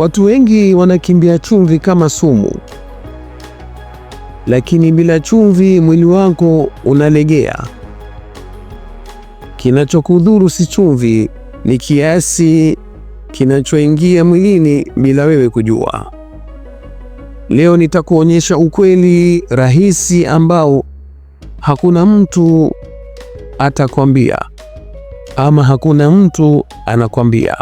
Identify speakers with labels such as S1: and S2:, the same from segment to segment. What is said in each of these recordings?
S1: Watu wengi wanakimbia chumvi kama sumu, lakini bila chumvi mwili wako unalegea. Kinachokudhuru si chumvi, ni kiasi kinachoingia mwilini bila wewe kujua. Leo nitakuonyesha ukweli rahisi ambao hakuna mtu atakwambia ama hakuna mtu anakwambia.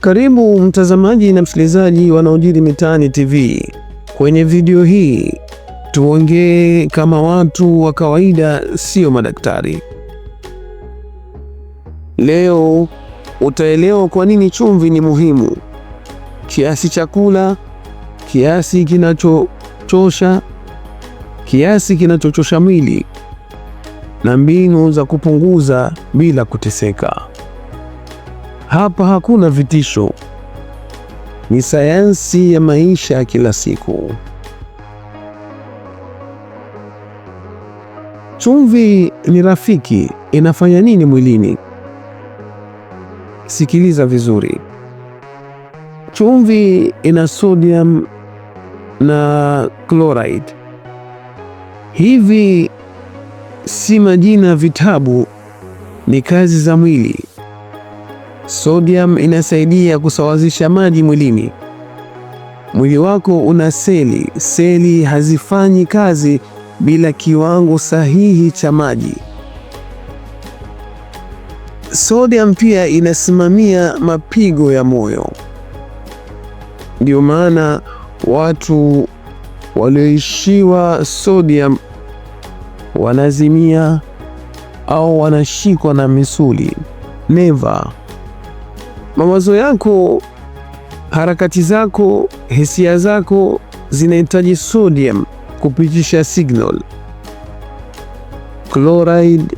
S1: Karibu mtazamaji na msikilizaji yanayojiri mitaani TV. Kwenye video hii tuongee kama watu wa kawaida, sio madaktari. Leo utaelewa kwa nini chumvi ni muhimu, kiasi cha kula, kiasi kinachochosha, kiasi kinachochosha mwili na mbinu za kupunguza bila kuteseka. Hapa hakuna vitisho, ni sayansi ya maisha ya kila siku. Chumvi ni rafiki, inafanya nini mwilini? Sikiliza vizuri. Chumvi ina sodium na chloride. Hivi si majina ya vitabu, ni kazi za mwili. Sodium inasaidia kusawazisha maji mwilini. Mwili wako una seli, seli hazifanyi kazi bila kiwango sahihi cha maji. Sodium pia inasimamia mapigo ya moyo. Ndio maana watu walioishiwa sodium wanazimia au wanashikwa na misuli, neva mawazo yako, harakati zako, hisia zako zinahitaji sodium kupitisha signal. Chloride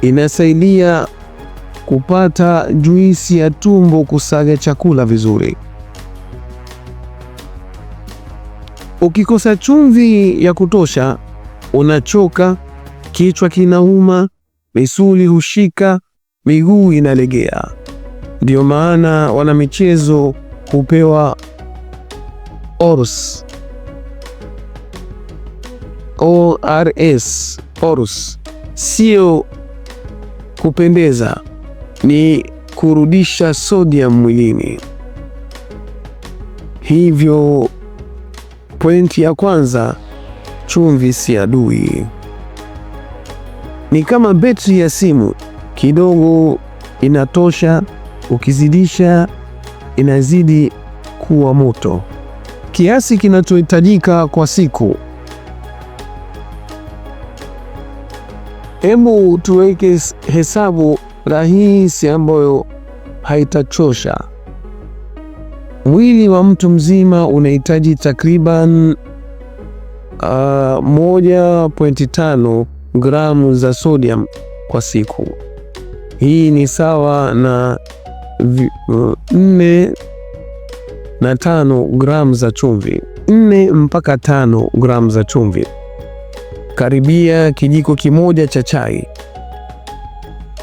S1: inasaidia kupata juisi ya tumbo kusaga chakula vizuri. Ukikosa chumvi ya kutosha, unachoka, kichwa kinauma, misuli hushika, miguu inalegea ndio maana wanamichezo hupewa ORS, ORS, ORS. Sio kupendeza, ni kurudisha sodium mwilini. Hivyo pointi ya kwanza, chumvi si adui. Ni kama betri ya simu, kidogo inatosha ukizidisha inazidi kuwa moto. Kiasi kinachohitajika kwa siku. Hebu tuweke hesabu rahisi ambayo haitachosha. Mwili wa mtu mzima unahitaji takriban uh, ah, 1.5 gramu za sodium kwa siku. Hii ni sawa na 4 uh, na 5 gramu za chumvi, 4 mpaka 5 gramu za chumvi, karibia kijiko kimoja cha chai.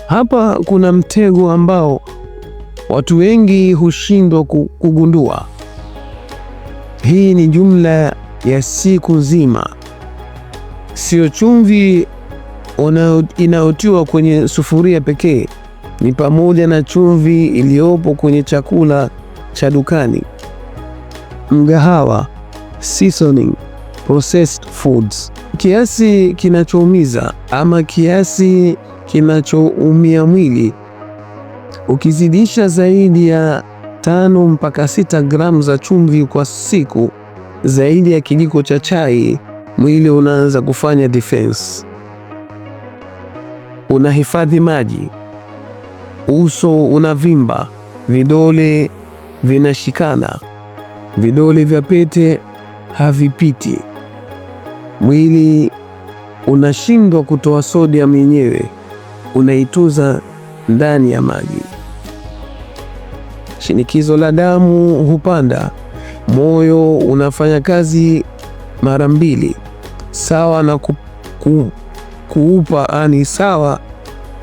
S1: Hapa kuna mtego ambao watu wengi hushindwa kugundua. Hii ni jumla ya siku nzima, sio chumvi inayotiwa kwenye sufuria pekee ni pamoja na chumvi iliyopo kwenye chakula cha dukani, mgahawa, seasoning, processed foods. Kiasi kinachoumiza ama kiasi kinachoumia mwili ukizidisha zaidi ya tano mpaka sita gramu za chumvi kwa siku, zaidi ya kijiko cha chai, mwili unaanza kufanya defense. Unahifadhi maji uso unavimba, vidole vinashikana, vidole vya pete havipiti, mwili unashindwa kutoa sodium yenyewe, unaituza ndani ya maji. Shinikizo la damu hupanda, moyo unafanya kazi mara mbili, sawa na ku, ku, kuupa, ani sawa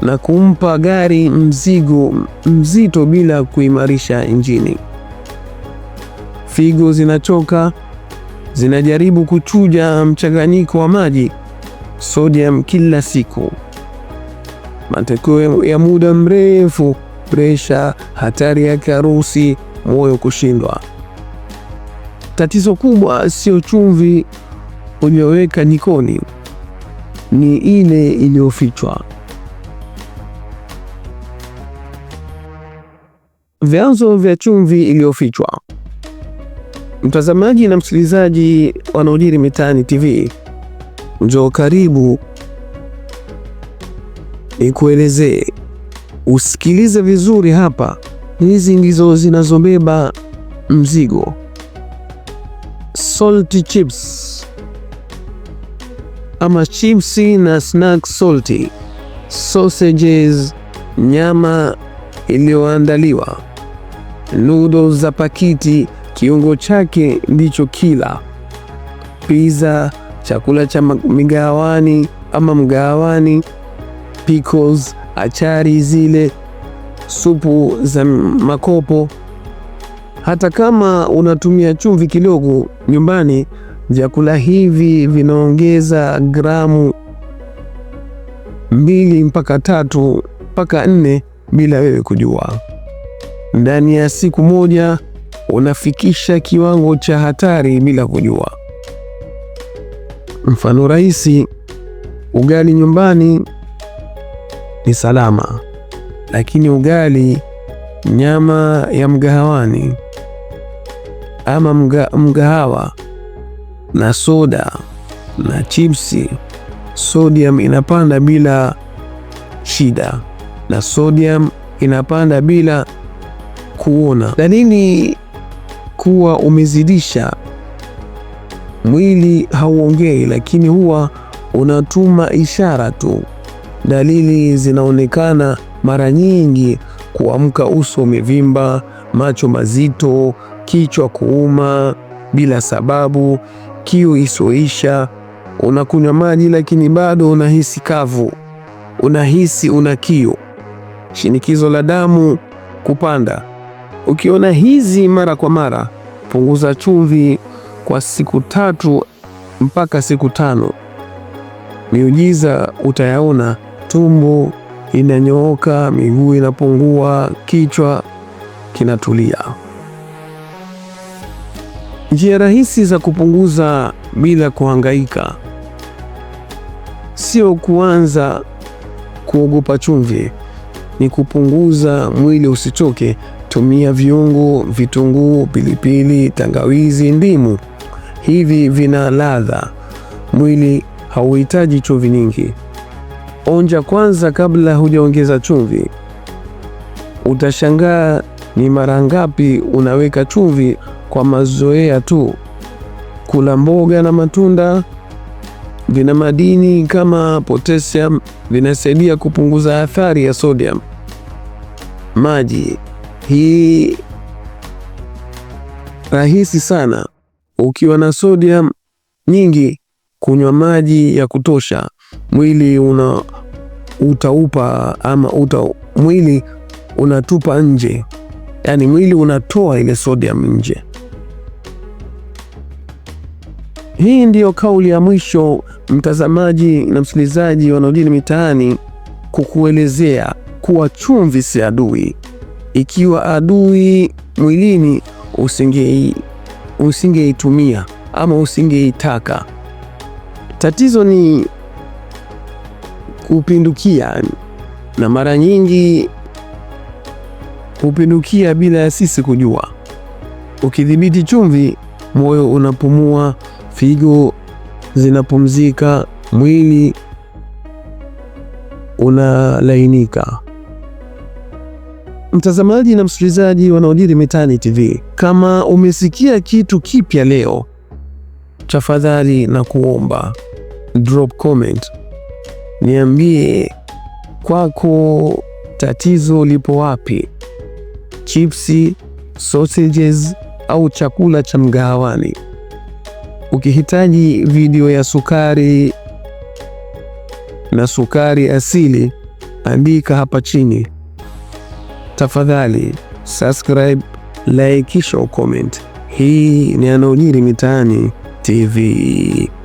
S1: na kumpa gari mzigo mzito bila kuimarisha injini. Figo zinachoka, zinajaribu kuchuja mchanganyiko wa maji sodium kila siku. Matokeo ya muda mrefu: presha, hatari ya kiharusi, moyo kushindwa. Tatizo kubwa sio chumvi uliyoweka jikoni, ni ile iliyofichwa. Vyanzo vya chumvi iliyofichwa. Mtazamaji na msikilizaji wanaojiri mitaani TV, njoo karibu nikuelezee, usikilize vizuri hapa. Hizi ndizo zinazobeba mzigo: salty chips ama chipsi na snack salty, sausages, nyama iliyoandaliwa nudo za pakiti, kiungo chake ndicho kila pizza, chakula cha migawani ama mgawani, pickles, achari zile, supu za makopo. Hata kama unatumia chumvi kidogo nyumbani, vyakula hivi vinaongeza gramu mbili mpaka tatu mpaka nne bila wewe kujua ndani ya siku moja unafikisha kiwango cha hatari bila kujua. Mfano rahisi, ugali nyumbani ni salama, lakini ugali nyama ya mgahawani ama mga, mgahawa na soda na chipsi, sodium inapanda bila shida, na sodium inapanda bila kuona. Dalili kuwa umezidisha, mwili hauongei, lakini huwa unatuma ishara tu. Dalili zinaonekana mara nyingi: kuamka uso umevimba, macho mazito, kichwa kuuma bila sababu, kiu isioisha, unakunywa maji lakini bado unahisi kavu, unahisi una kiu, shinikizo la damu kupanda. Ukiona hizi mara kwa mara, punguza chumvi kwa siku tatu mpaka siku tano. Miujiza utayaona: tumbo inanyooka, miguu inapungua, kichwa kinatulia. Njia rahisi za kupunguza bila kuhangaika, sio kuanza kuogopa chumvi, ni kupunguza mwili usitoke, Tumia viungo, vitunguu, pilipili, tangawizi, ndimu. Hivi vina ladha, mwili hauhitaji chumvi nyingi. Onja kwanza kabla hujaongeza chumvi. Utashangaa ni mara ngapi unaweka chumvi kwa mazoea tu. Kula mboga na matunda, vina madini kama potassium, vinasaidia kupunguza athari ya sodium. Maji hii rahisi sana. Ukiwa na sodium nyingi, kunywa maji ya kutosha, mwili una utaupa ama uta, mwili unatupa nje, yaani mwili unatoa ile sodium nje. Hii ndiyo kauli ya mwisho, mtazamaji na msikilizaji wa yanayojiri mitaani, kukuelezea kuwa chumvi si adui ikiwa adui mwilini usingei usingeitumia ama usingeitaka. Tatizo ni kupindukia, na mara nyingi kupindukia bila ya sisi kujua. Ukidhibiti chumvi, moyo unapumua, figo zinapumzika, mwili unalainika mtazamaji na msikilizaji yanayojiri mitaani TV, kama umesikia kitu kipya leo, tafadhali na kuomba drop comment, niambie kwako tatizo lipo wapi, chipsi, sausages au chakula cha mgahawani. Ukihitaji video ya sukari na sukari asili, andika hapa chini tafadhali subscribe, like kisha comment. Hii ni yanayojiri mitaani TV.